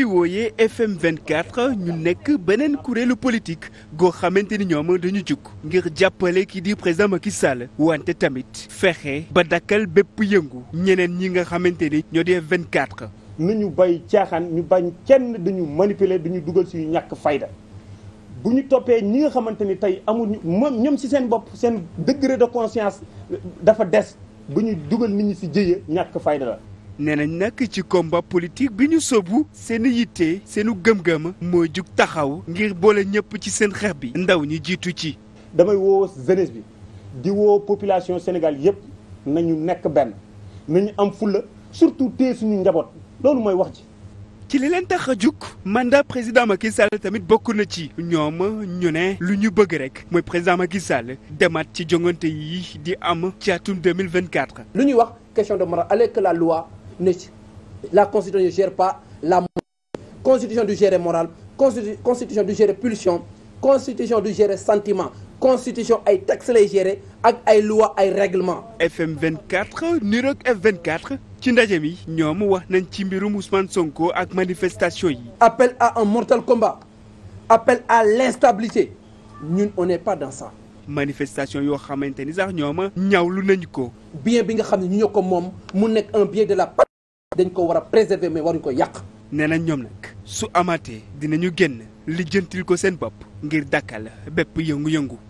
ñuy wooyee FM vingt 24 ñu nekk beneen kuréelu politique goo xamante ni ñoom dañu jug ngir jàppale kii di président Macky Sall wante tamit fexe ba dakkal bépp yëngu ñeneen ñi nga xamante ni ñoo di FM 24. na ñu bay jaaxaan ñu bañ kenn dañu manipuler dañu dugal suñu ñàkk fayda bu ñu toppee ñi nga xamante ni tey amuñu moom ñoom ci seen bopp seen degré de conscience dafa des bu ñu dugal nit ñi ci jëye ñàkk fayda la. nee nañ nag ci komba politique bi ñu sóobu seen yitte seenu gëm-gëm moo jug taxaw ngir boole ñëpp ci seen xeex bi ndaw ñi jiitu ci. damay woo jeunesse bi di woo population Sénégal yëpp nañu nekk benn ñu am fulla surtout téye suñu njaboot loolu mooy wax ji. ci li leen tax a jug mandat président Macky Sall tamit bokk na ci ñoom ñu ne lu ñu bëgg rek mooy président Macky Sall demaat ci jongante yi di am ci atum 2024 lu ñuy wax question de morale avec la loi ne la constitution ne gère pas la constitution du gérer morale constitution du gérer pulsion constitution du gérer sentiment constitution ay texte lay gérer ak ay loi ay règlement FM 24 niroog F24 ci ndaje mi ñoom wax nañ ci mbirum Ousmane Sonko ak manifestation yi appel à un mortel combat appel à l'instabilité ñun on n'est pas dans ça manifestation yoo xamante ni sax ñooma ñaawlu nañu ko bien bi nga xam ne ñu ñoo ko moom mu nekk un bien de la dañ ko war a mais waruñ ko yàq. nee na ñoom nag su amaatee dinañu génn lijjantil ko seen bopp ngir dàkkal bépp yëngu-yëngu.